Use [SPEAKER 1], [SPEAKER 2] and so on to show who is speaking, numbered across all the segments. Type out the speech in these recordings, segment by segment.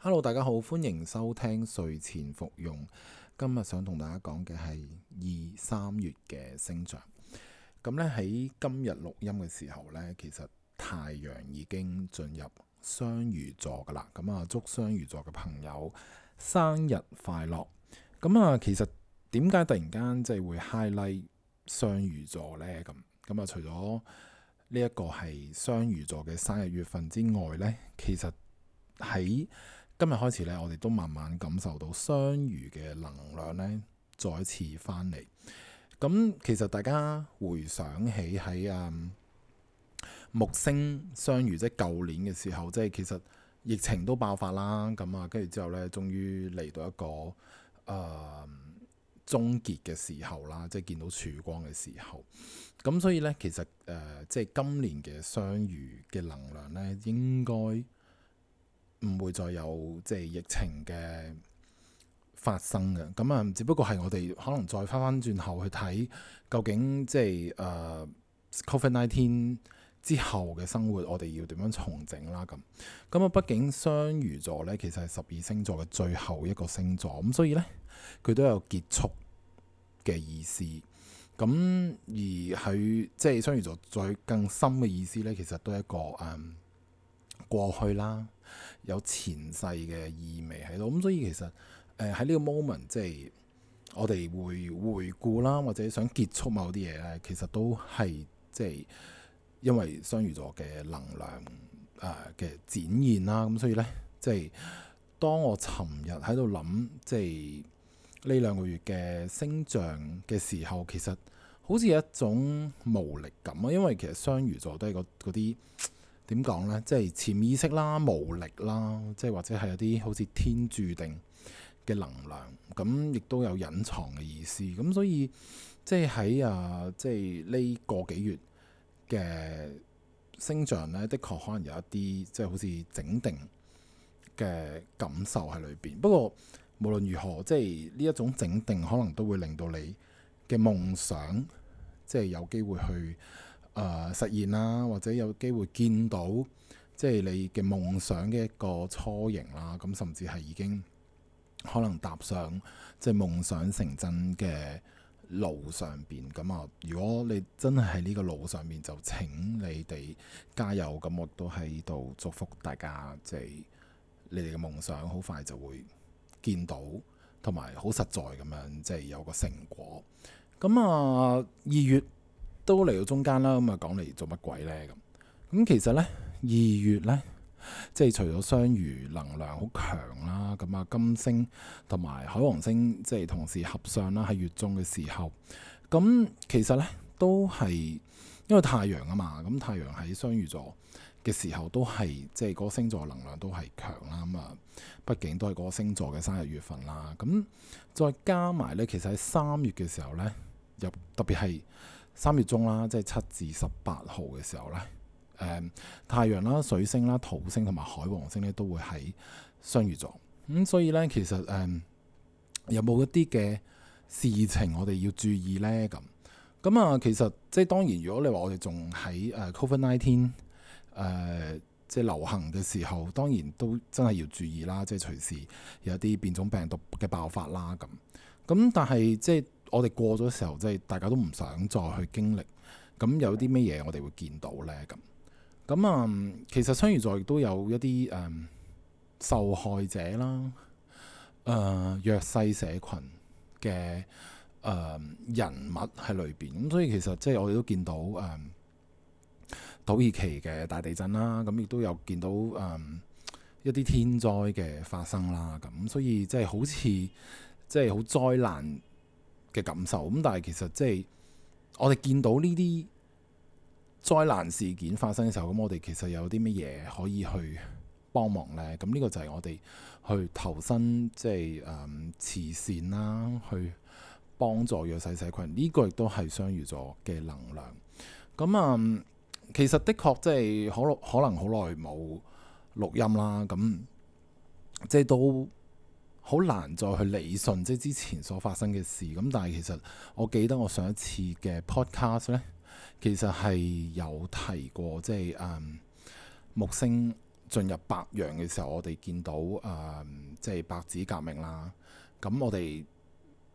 [SPEAKER 1] hello，大家好，歡迎收聽睡前服用。今日想同大家講嘅係二、三月嘅星象。咁咧，喺今日錄音嘅時候咧，其實太陽已經進入雙魚座噶啦。咁啊，祝雙魚座嘅朋友生日快樂。咁啊，其實點解突然間即係會 highlight 雙魚座咧？咁咁啊，除咗呢一個係雙魚座嘅生日月份之外咧，其實喺今日開始咧，我哋都慢慢感受到雙魚嘅能量咧，再一次翻嚟。咁其實大家回想起喺誒、嗯、木星雙魚，即係舊年嘅時候，即係其實疫情都爆發啦。咁啊，跟住之後咧，終於嚟到一個誒、呃、終結嘅時候啦，即係見到曙光嘅時候。咁所以咧，其實誒、呃、即係今年嘅雙魚嘅能量咧，應該唔會再有即係疫情嘅發生嘅，咁啊，只不過係我哋可能再返返轉頭去睇究竟即係誒、呃、COVID-19 之後嘅生活，我哋要點樣重整啦咁。咁啊，畢竟雙魚座咧，其實係十二星座嘅最後一個星座，咁所以咧，佢都有結束嘅意思。咁而佢，即係雙魚座最更深嘅意思咧，其實都係一個誒、嗯、過去啦。有前世嘅意味喺度，咁所以其實誒喺呢個 moment 即係我哋會回顧啦，或者想結束某啲嘢咧，其實都係即係因為雙魚座嘅能量誒嘅、呃、展現啦，咁所以咧即係當我尋日喺度諗，即係呢兩個月嘅星象嘅時候，其實好似有一種無力感啊，因為其實雙魚座都係嗰啲。點講呢？即係潛意識啦、無力啦，即係或者係有啲好似天注定嘅能量，咁亦都有隱藏嘅意思。咁所以即係喺啊，即係呢個幾月嘅星象呢，的確可能有一啲即係好似整定嘅感受喺裏邊。不過無論如何，即係呢一種整定，可能都會令到你嘅夢想即係有機會去。誒、呃、實現啦，或者有機會見到，即係你嘅夢想嘅一個雛形啦，咁甚至係已經可能踏上即係夢想成真嘅路上邊咁啊！如果你真係喺呢個路上面，就請你哋加油，咁我都喺度祝福大家，即係你哋嘅夢想好快就會見到，同埋好實在咁樣，即係有個成果。咁啊，二月。都嚟到中間啦，咁啊講嚟做乜鬼呢？咁咁其實呢，二月呢，即係除咗雙魚能量好強啦，咁啊金星同埋海王星即係同時合上啦，喺月中嘅時候，咁其實呢都係因為太陽啊嘛，咁太陽喺雙魚座嘅時候都係即係嗰個星座能量都係強啦。咁啊，畢竟都係嗰個星座嘅生日月份啦。咁再加埋呢，其實喺三月嘅時候呢，又特別係。三月中啦，即係七至十八號嘅時候咧，誒、嗯、太陽啦、水星啦、土星同埋海王星咧都會喺雙魚座，咁、嗯、所以咧其實誒、嗯、有冇一啲嘅事情我哋要注意咧咁？咁啊其實即係當然，如果你話我哋仲喺誒 Covid Nineteen 誒、呃、即係流行嘅時候，當然都真係要注意啦，即係隨時有啲變種病毒嘅爆發啦咁。咁但係即係。我哋過咗嘅時候，即係大家都唔想再去經歷。咁有啲咩嘢我哋會見到咧？咁咁啊，其實雙魚座亦都有一啲誒、嗯、受害者啦，誒、呃、弱勢社群嘅誒、呃、人物喺裏邊。咁所以其實即係我哋都見到誒、嗯、土耳其嘅大地震啦，咁、嗯、亦都有見到誒、嗯、一啲天災嘅發生啦。咁所以即係好似即係好災難嘅感受咁，但係其實即係我哋見到呢啲災難事件發生嘅時候，咁我哋其實有啲乜嘢可以去幫忙咧？咁呢個就係我哋去投身即係誒、呃、慈善啦，去幫助弱勢社群。呢、呢個亦都係雙魚座嘅能量。咁啊、嗯，其實的確即係可可能好耐冇錄音啦。咁即係都。好難再去理順即係之前所發生嘅事，咁但係其實我記得我上一次嘅 podcast 咧，其實係有提過，即係誒、嗯、木星進入白羊嘅時候，我哋見到誒、嗯、即係白紙革命啦，咁我哋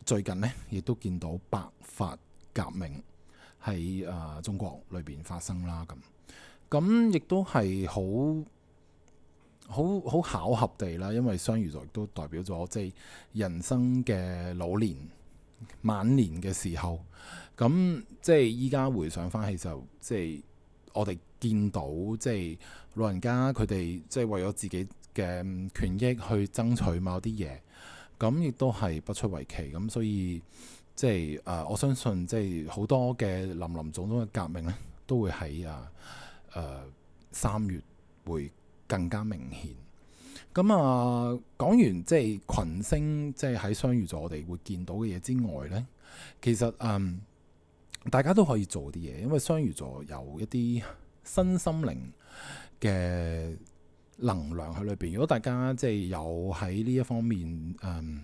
[SPEAKER 1] 最近咧亦都見到白髮革命喺誒、呃、中國裏邊發生啦，咁咁亦都係好。好好巧合地啦，因為雙魚座都代表咗即係人生嘅老年、晚年嘅時候。咁即係依家回想翻起，就即係我哋見到即係老人家佢哋即係為咗自己嘅權益去爭取某啲嘢，咁亦都係不出為奇。咁所以即係誒、呃、我相信即係好多嘅林林總總嘅革命咧，都會喺啊誒三月會。更加明顯咁啊、嗯！講完即係群星，即係喺雙魚座，我哋會見到嘅嘢之外咧，其實嗯，大家都可以做啲嘢，因為雙魚座有一啲身心靈嘅能量喺裏邊。如果大家即係有喺呢一方面，嗯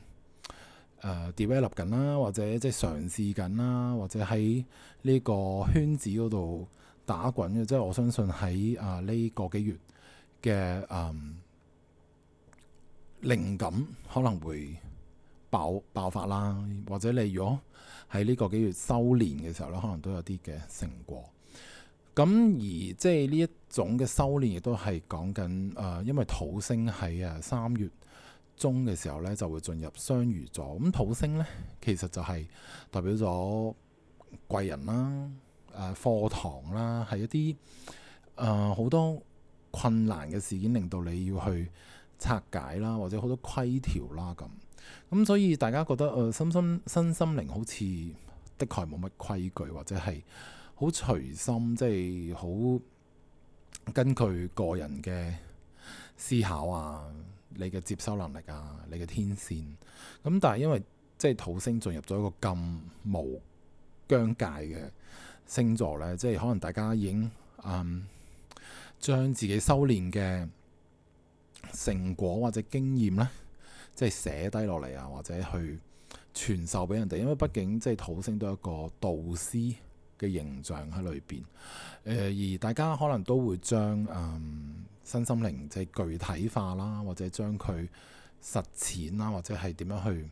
[SPEAKER 1] 誒、呃、develop 緊啦，或者即係嘗試緊啦，或者喺呢個圈子嗰度打滾嘅，即係我相信喺啊呢、呢個幾月。嘅誒、嗯、靈感可能會爆爆發啦，或者你如果喺呢個幾月修練嘅時候咧，可能都有啲嘅成果。咁而即係呢一種嘅修練，亦都係講緊誒，因為土星喺誒三月中嘅時候咧，就會進入雙魚座。咁、嗯、土星咧，其實就係代表咗貴人啦、誒課堂啦，係一啲誒好多，困難嘅事件令到你要去拆解啦，或者好多規條啦咁。咁、嗯、所以大家覺得誒、呃、心心身心靈好似的確冇乜規矩，或者係好隨心，即係好根據個人嘅思考啊，你嘅接收能力啊，你嘅天線。咁、嗯、但係因為即係土星進入咗一個咁無疆界嘅星座呢，即係可能大家已經嗯。將自己修練嘅成果或者經驗咧，即係寫低落嚟啊，或者去傳授俾人哋。因為畢竟即係土星都係一個導師嘅形象喺裏邊。誒，而大家可能都會將誒身心靈即係具體化啦，或者將佢實踐啦，或者係點樣去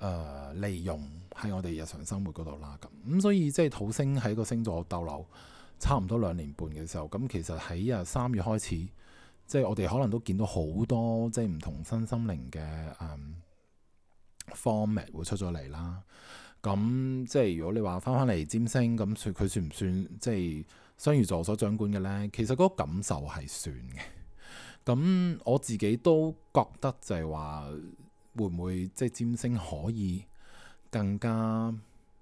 [SPEAKER 1] 誒利用喺我哋日常生活嗰度啦。咁咁，所以即係土星喺個星座逗留差唔多兩年半嘅時候，咁其實喺啊三月開始，即係我哋可能都見到好多即係唔同身心靈嘅嗯 format 會出咗嚟啦。咁即係如果你話返返嚟占星，咁算佢算唔算即係雙魚座所掌管嘅咧？其實嗰個感受係算嘅。咁我自己都覺得就係話，會唔會即係占星可以更加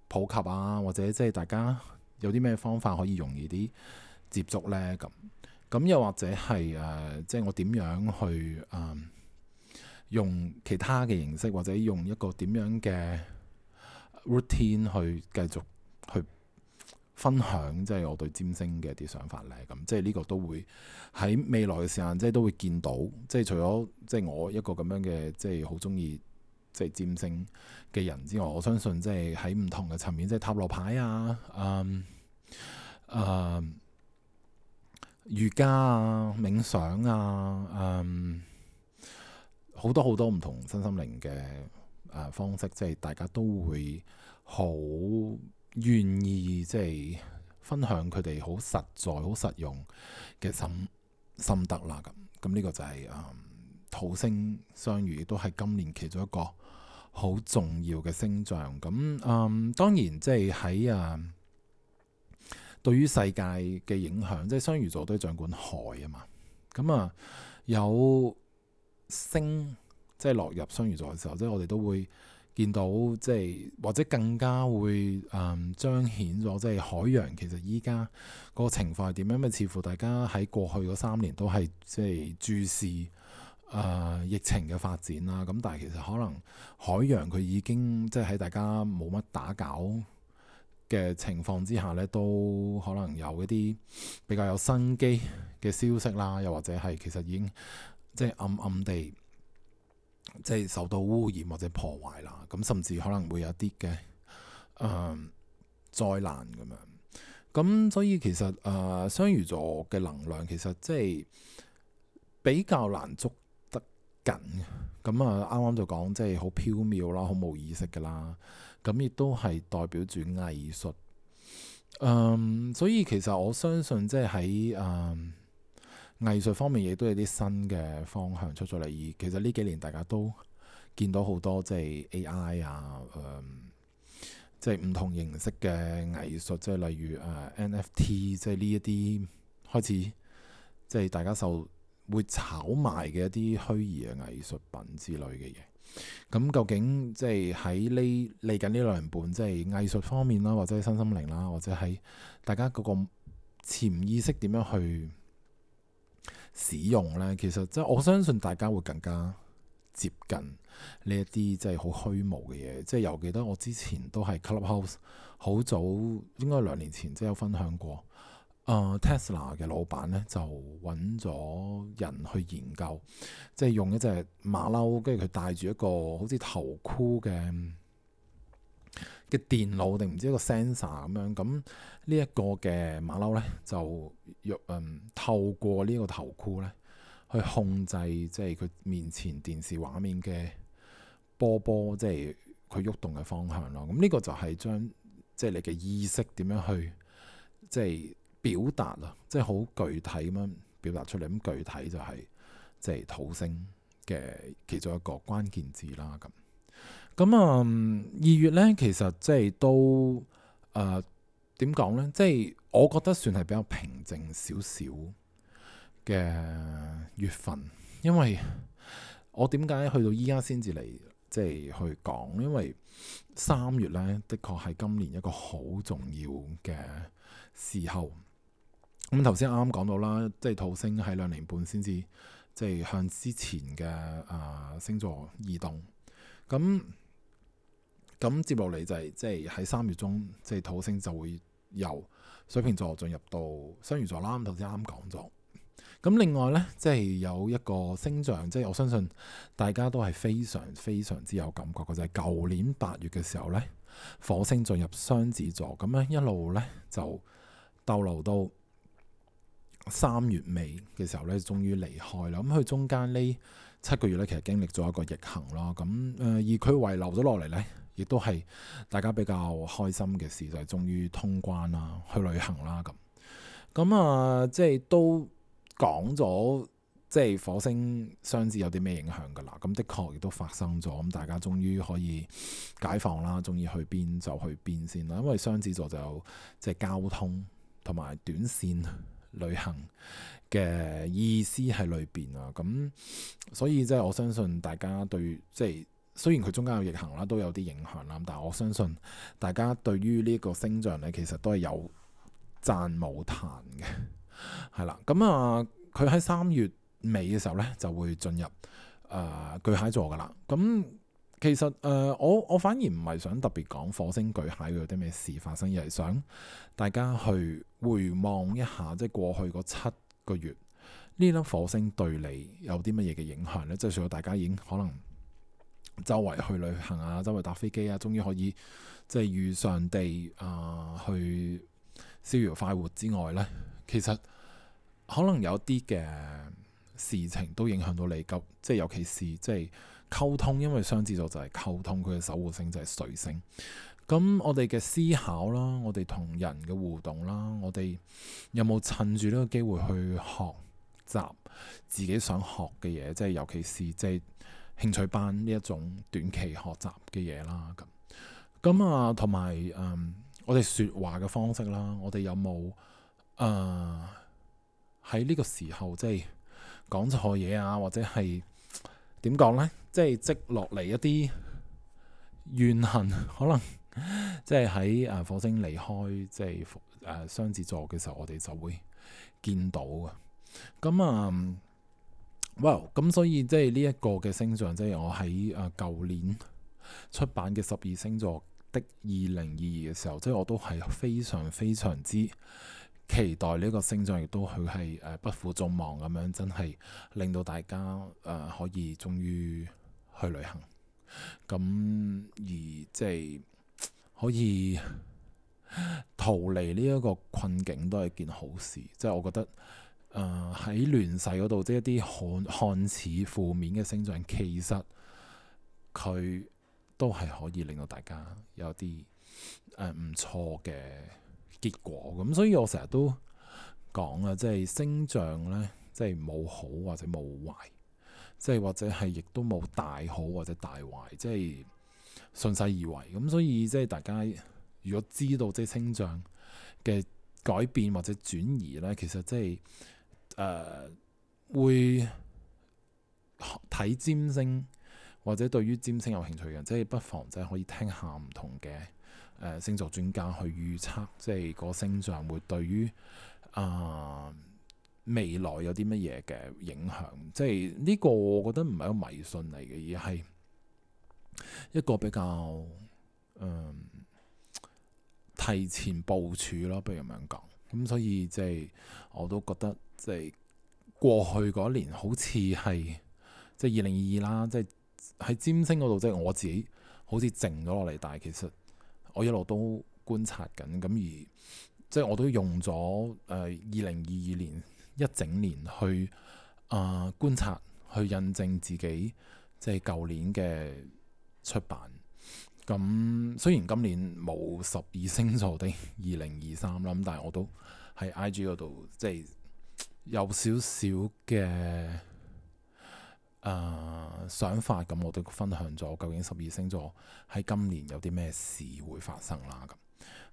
[SPEAKER 1] 普及啊？或者即係大家。有啲咩方法可以容易啲接觸咧？咁咁又或者係誒、呃，即係我點樣去誒、呃、用其他嘅形式，或者用一個點樣嘅 routine 去繼續去分享，即係我對占星嘅啲想法咧？咁即係呢個都會喺未來嘅時間，即係都會見到。即係除咗即係我一個咁樣嘅，即係好中意。即係占星嘅人之外，我相信即係喺唔同嘅層面，即係塔羅牌啊、嗯、啊、嗯、瑜伽啊、冥想啊、嗯，好多好多唔同身心靈嘅誒方式，即係大家都會好願意即係分享佢哋好實在、好實用嘅心心得啦。咁咁呢個就係、是、嗯，土星相遇，亦都係今年其中一個。好重要嘅星象咁，嗯，當然即係喺啊，對於世界嘅影響，即係雙魚座都掌管海啊嘛，咁啊有星即係落入雙魚座嘅時候，即係我哋都會見到，即係或者更加會嗯彰顯咗，即係海洋其實依家個情況係點樣？咪似乎大家喺過去嗰三年都係即係注視。誒、呃、疫情嘅發展啦，咁但係其實可能海洋佢已經即係喺大家冇乜打攪嘅情況之下咧，都可能有一啲比較有生機嘅消息啦。又或者係其實已經即係暗暗地即係受到污染或者破壞啦。咁甚至可能會有啲嘅誒災難咁樣，咁所以其實誒、呃、雙魚座嘅能量其實即係比較難捉。緊咁啊，啱啱就講即係好飄渺啦，好冇意識㗎啦。咁亦都係代表住藝術。嗯，所以其實我相信即係喺嗯藝術方面，亦都有啲新嘅方向出咗嚟。而其實呢幾年大家都見到好多即係 AI 啊，嗯，即係唔同形式嘅藝術，即係例如誒 NFT，即係呢一啲開始，即係大家受會炒賣嘅一啲虛擬嘅藝術品之類嘅嘢，咁究竟即係喺呢嚟緊呢兩年半，即係藝術方面啦，或者係新心靈啦，或者係大家嗰個潛意識點樣去使用咧？其實即係我相信大家會更加接近呢一啲即係好虛無嘅嘢。即係尤其記得我之前都係 Clubhouse 好早，應該兩年前即係有分享過。啊、呃、Tesla 嘅老闆咧就揾咗人去研究，即係用一隻馬騮，跟住佢戴住一個好似頭箍嘅嘅電腦，定唔知一個 sensor 咁樣。咁、這個、呢一個嘅馬騮咧就用嗯、呃、透過呢個頭箍咧去控制，即係佢面前電視畫面嘅波波，即係佢喐動嘅方向咯。咁、這、呢個就係將即係、就是、你嘅意識點樣去即係。表達啊，即係好具體咁樣表達出嚟。咁具體就係即係土星嘅其中一個關鍵字啦。咁咁啊，二月咧其實即係都誒點講咧？即係我覺得算係比較平靜少少嘅月份，因為我點解去到依家先至嚟即係去講？因為三月咧，的確係今年一個好重要嘅時候。咁頭先啱啱講到啦，即係土星喺兩年半先至即係向之前嘅啊星座移動。咁咁接落嚟就係即係喺三月中，即係土星就會由水瓶座進入到雙魚座啦。咁頭先啱講咗。咁另外咧，即係有一個星象，即係我相信大家都係非常非常之有感覺嘅就係舊年八月嘅時候咧，火星進入雙子座，咁咧一路咧就逗留到三月尾嘅時候咧，終於離開啦。咁佢中間呢七個月咧，其實經歷咗一個逆行啦。咁誒，而佢遺留咗落嚟咧，亦都係大家比較開心嘅事，就係終於通關啦，去旅行啦咁。咁啊、呃，即係都講咗，即係火星雙子有啲咩影響噶啦。咁的確亦都發生咗。咁大家終於可以解放啦，鍾意去邊就去邊先啦。因為雙子座就有即係交通同埋短線旅行嘅意思喺裏邊啊，咁所以即係我相信大家對即係雖然佢中間有逆行啦，都有啲影響啦，但係我相信大家對於呢個星象咧，其實都係有讚冇彈嘅，係啦。咁啊，佢喺三月尾嘅時候咧就會進入誒、呃、巨蟹座㗎喇，咁。其實誒、呃，我我反而唔係想特別講火星巨蟹佢有啲咩事發生，而係想大家去回望一下，即係過去嗰七個月呢粒火星對你有啲乜嘢嘅影響咧？即係除咗大家已經可能周圍去旅行啊，周圍搭飛機啊，終於可以即係遇上地啊、呃、去逍遙快活之外呢，其實可能有啲嘅事情都影響到你急，即係尤其是即係，溝通，因為雙子座就係溝通，佢嘅守護星就係水星。咁我哋嘅思考啦，我哋同人嘅互動啦，我哋有冇趁住呢個機會去學習自己想學嘅嘢？即係尤其是即係興趣班呢一種短期學習嘅嘢啦。咁咁啊，同埋誒，我哋說話嘅方式啦，我哋有冇誒喺呢個時候即係講錯嘢啊，或者係？點講咧？即係積落嚟一啲怨恨，可能即係喺啊火星離開，即係誒雙子座嘅時候，我哋就會見到嘅。咁啊、嗯，哇！咁所以即係呢一個嘅星象，即係我喺啊舊年出版嘅十二星座的二零二二嘅時候，即係我都係非常非常之期待呢一、這個星象亦都佢係誒不負眾望咁樣，真係令到大家誒、呃、可以終於去旅行。咁而即係可以逃離呢一個困境，都係件好事。即係我覺得誒喺聯勢嗰度，即係一啲看看似負面嘅星象，其實佢都係可以令到大家有啲誒唔錯嘅。呃結果咁，所以我成日都講啊、就是，即係星象咧，即係冇好或者冇壞，即係或者係亦都冇大好或者大壞，即係順勢而為。咁所以即係大家如果知道即係星象嘅改變或者轉移咧，其實即係誒、呃、會睇占星，或者對於占星有興趣嘅人，即係不妨即係可以聽下唔同嘅。誒星座專家去預測，即係個星象會對於啊、呃、未來有啲乜嘢嘅影響。即係呢個，我覺得唔係一個迷信嚟嘅，而係一個比較嗯、呃、提前部署咯，不如咁樣講。咁所以即係我都覺得，即係過去嗰年好似係即係二零二二啦，即係喺占星嗰度，即係我自己好似靜咗落嚟，但係其實。我一路都觀察緊，咁而即係我都用咗誒二零二二年一整年去啊、呃、觀察，去印證自己即係舊年嘅出版。咁雖然今年冇十二星座的二零二三啦，咁但係我都喺 IG 嗰度即係有少少嘅。誒、呃，想法，咁我都分享咗，究竟十二星座喺今年有啲咩事會發生啦？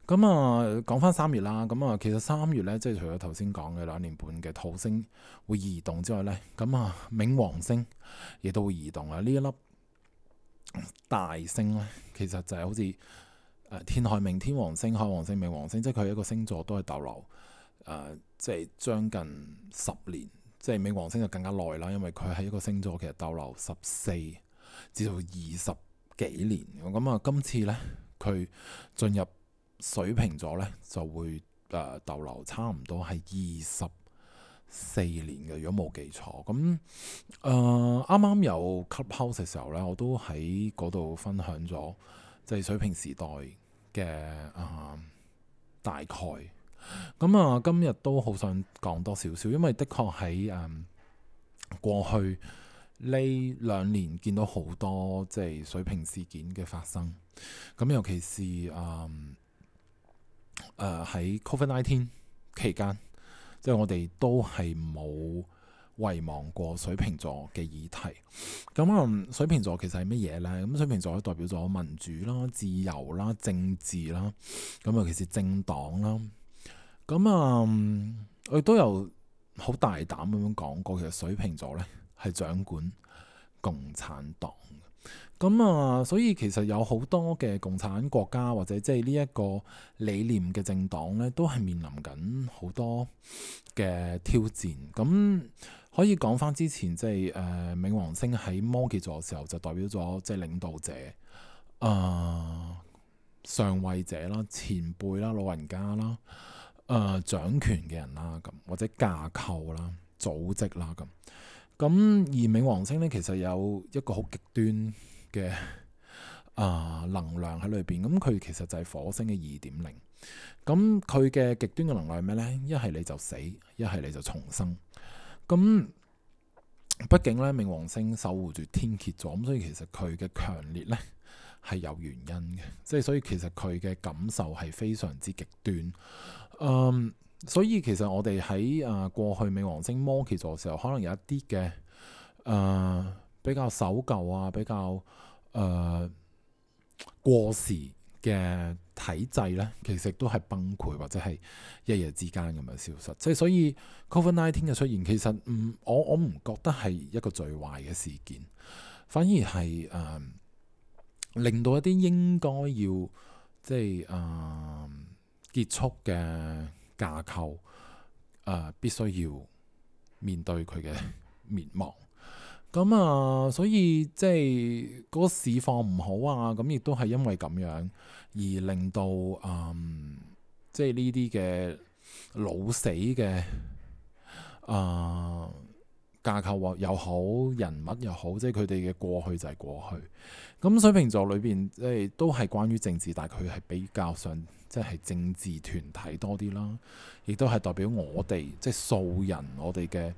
[SPEAKER 1] 咁，咁啊，講翻三月啦，咁啊，其實三月咧，即係除咗頭先講嘅兩年半嘅土星會移動之外咧，咁、呃、啊，冥王星亦都會移動啊。呢一粒大星咧，其實就係好似誒，天海冥天王星、海王星、冥王星，即係佢一個星座都係逗留誒、呃，即係將近十年。即係冥王星就更加耐啦，因為佢喺一個星座其實逗留十四至到二十幾年。咁啊，今次呢，佢進入水瓶座呢，就會誒逗留差唔多係二十四年嘅，如果冇記錯。咁誒啱啱有 Clubhouse 嘅時候呢，我都喺嗰度分享咗即係水瓶時代嘅誒、呃、大概。咁啊，今日都好想講多少少，因為的確喺誒過去呢兩年見到好多即係水瓶事件嘅發生。咁尤其是誒誒、嗯、喺、呃、COVID-19 期間，即係我哋都係冇遺忘過水瓶座嘅議題。咁、嗯、啊，水瓶座其實係乜嘢咧？咁水瓶座代表咗民主啦、自由啦、政治啦。咁尤其是政黨啦。咁啊，我亦都有好大膽咁樣講過，其實水瓶座咧係掌管共產黨。咁啊，所以其實有好多嘅共產國家或者即係呢一個理念嘅政黨咧，都係面臨緊好多嘅挑戰。咁可以講翻之前，即係誒冥王星喺摩羯座嘅時候，就代表咗即係領導者、啊、呃、上位者啦、前輩啦、老人家啦。誒、呃、掌權嘅人啦，咁或者架構啦、組織啦咁。咁而冥王星咧，其實有一個好極端嘅啊、呃、能量喺裏邊。咁、嗯、佢其實就係火星嘅二點零。咁佢嘅極端嘅能量係咩咧？一係你就死，一係你就重生。咁、嗯、畢竟咧，冥王星守護住天蠍座，咁、嗯、所以其實佢嘅強烈咧係有原因嘅。即係所以其實佢嘅感受係非常之極端。嗯，um, 所以其實我哋喺啊過去冥王星摩羯座嘅時候，可能有一啲嘅誒比較守舊啊，比較誒、uh, 過時嘅體制咧，其實都係崩潰或者係一夜之間咁樣消失。即係所以，COVID-19 嘅出現其實唔、嗯，我我唔覺得係一個最壞嘅事件，反而係誒、uh, 令到一啲應該要即係誒。Uh, 結束嘅架構，誒、呃、必須要面對佢嘅滅亡。咁、嗯、啊、呃，所以即係嗰、那個市況唔好啊，咁亦都係因為咁樣而令到誒、呃，即係呢啲嘅老死嘅誒。呃架構又好，人物又好，即係佢哋嘅過去就係過去。咁水瓶座裏邊即係都係關於政治，但係佢係比較上即係政治團體多啲啦，亦都係代表我哋即係素人，我哋嘅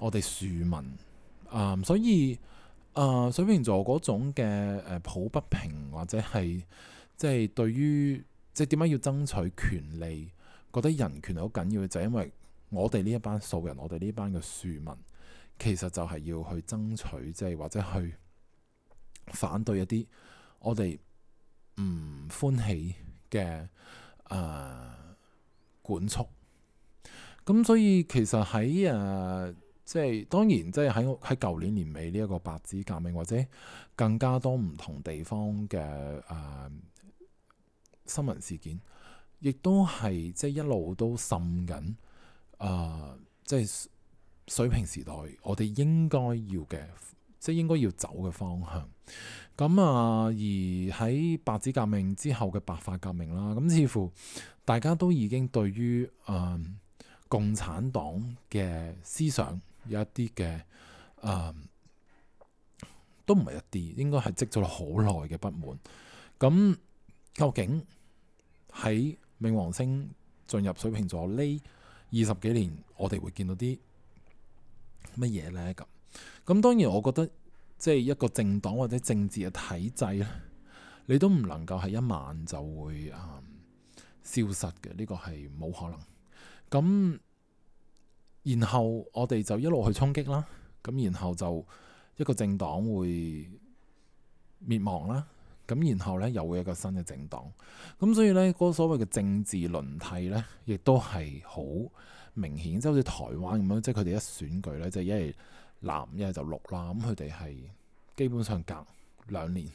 [SPEAKER 1] 我哋庶民啊、嗯。所以啊、呃，水瓶座嗰種嘅誒抱不平或者係即係對於即係點解要爭取權利，覺得人權好緊要嘅，就係、因為我哋呢一班素人，我哋呢班嘅庶民。其實就係要去爭取，即係或者去反對一啲我哋唔歡喜嘅啊、呃、管束。咁所以其實喺誒，即、呃、係、就是、當然，即係喺喺舊年年尾呢一個白紙革命，或者更加多唔同地方嘅誒、呃、新聞事件，亦都係即係一路都滲緊啊，即、呃、係。就是水瓶時代，我哋應該要嘅，即係應該要走嘅方向。咁啊，而喺白紙革命之後嘅白髮革命啦，咁似乎大家都已經對於誒、呃、共產黨嘅思想有一啲嘅誒，都唔係一啲，應該係積咗好耐嘅不滿。咁究竟喺冥王星進入水瓶座呢二十幾年，我哋會見到啲乜嘢呢？咁？咁當然我覺得即係一個政黨或者政治嘅體制咧，你都唔能夠係一晚就會啊、嗯、消失嘅，呢個係冇可能。咁然後我哋就一路去衝擊啦。咁然後就一個政黨會滅亡啦。咁然後咧又會有一個新嘅政黨，咁所以咧嗰、那個、所謂嘅政治輪替咧，亦都係好明顯，即係好似台灣咁樣，即係佢哋一選舉咧，即係一係藍一係就綠啦，咁佢哋係基本上隔兩年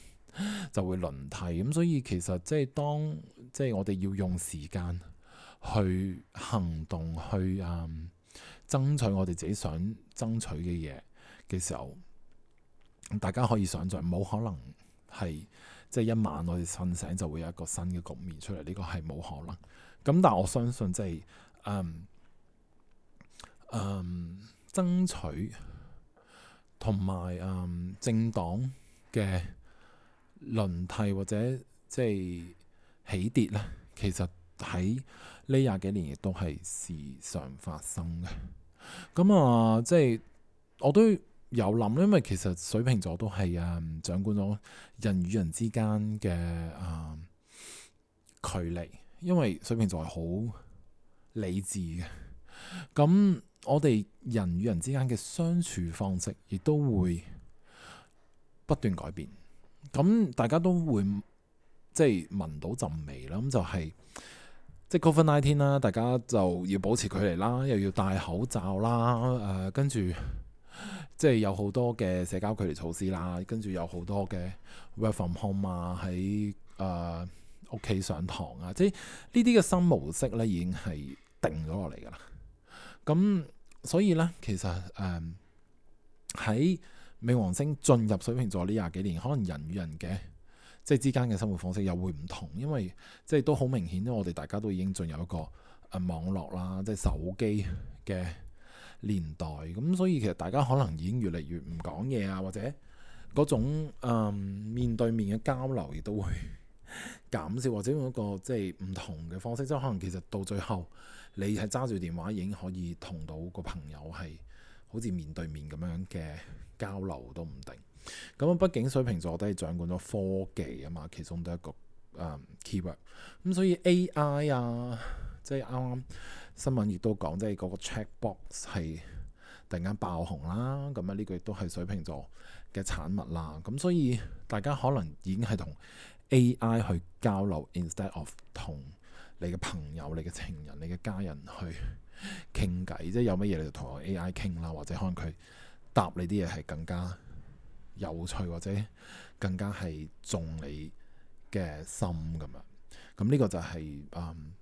[SPEAKER 1] 就會輪替，咁、嗯、所以其實即係當即係我哋要用時間去行動去啊、嗯、爭取我哋自己想爭取嘅嘢嘅時候，大家可以想象冇可能係。即係一晚，我哋瞓醒，醒就會有一個新嘅局面出嚟，呢個係冇可能。咁，但我相信即係嗯嗯爭取同埋嗯政黨嘅輪替或者即係起跌咧，其實喺呢廿幾年亦都係時常發生嘅。咁、嗯、啊，即係我都。有諗因為其實水瓶座都係啊掌管咗人與人之間嘅啊、呃、距離，因為水瓶座係好理智嘅。咁我哋人與人之間嘅相處方式，亦都會不斷改變。咁大家都會即係聞到陣味啦，咁就係即係嗰份那天啦，COVID-19，大家就要保持距離啦，又要戴口罩啦，誒跟住。即係有好多嘅社交距離措施啦，跟住有好多嘅 work from home 啊，喺、誒屋企上堂啊，即係呢啲嘅新模式咧，已經係定咗落嚟噶啦。咁所以咧，其實誒喺冥王星進入水瓶座呢廿幾年，可能人與人嘅、即係之間嘅生活方式又會唔同，因為即係都好明顯我哋大家都已經進入一個誒網絡啦，即係手機嘅。年代咁，所以其實大家可能已經越嚟越唔講嘢啊，或者嗰種、嗯、面對面嘅交流亦都會減少，或者用一個即係唔同嘅方式。即係可能其實到最後，你係揸住電話已經可以同到個朋友係好似面對面咁樣嘅交流都唔定。咁、嗯嗯、畢竟水瓶座都係掌管咗科技啊嘛，其中都係一個誒 keyword。咁、嗯、key 所以 AI 啊，即係啱啱。新聞亦都講，即係嗰個 ChatGPT 係突然間爆紅啦，咁啊呢個亦都係水瓶座嘅產物啦。咁所以大家可能已經係同 AI 去交流，instead of 同你嘅朋友、你嘅情人、你嘅家人去傾偈，即係有乜嘢你就同 AI 傾啦，或者可能佢答你啲嘢係更加有趣，或者更加係中你嘅心咁樣。咁呢個就係、是、誒。嗯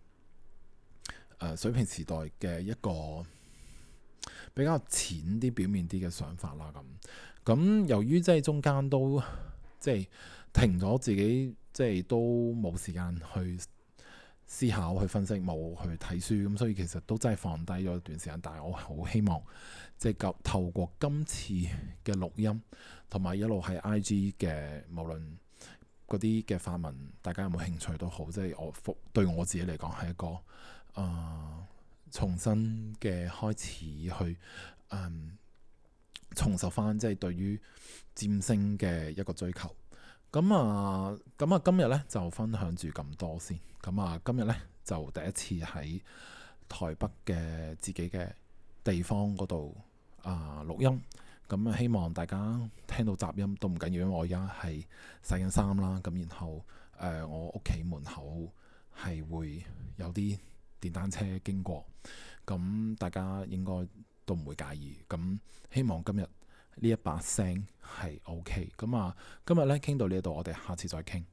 [SPEAKER 1] 誒、呃、水平時代嘅一個比較淺啲、表面啲嘅想法啦，咁咁由於即係中間都即係停咗，自己即係都冇時間去思考、去分析，冇去睇書，咁所以其實都真係放低咗一段時間。但係我好希望即係透透過今次嘅錄音，同埋一路喺 IG 嘅，無論嗰啲嘅發文，大家有冇興趣都好，即、就、係、是、我對我自己嚟講係一個。啊、呃！重新嘅開始去，嗯，重拾返，即係對於占星嘅一個追求。咁啊，咁啊，今日咧就分享住咁多先。咁啊，今日咧就第一次喺台北嘅自己嘅地方嗰度啊錄音。咁啊，希望大家聽到雜音都唔緊要，因為我而家係洗緊衫啦。咁然後誒、呃，我屋企門口係會有啲。電單車經過，咁大家應該都唔會介意。咁希望今日呢一把聲係 OK。咁啊，今日咧傾到呢度，我哋下次再傾。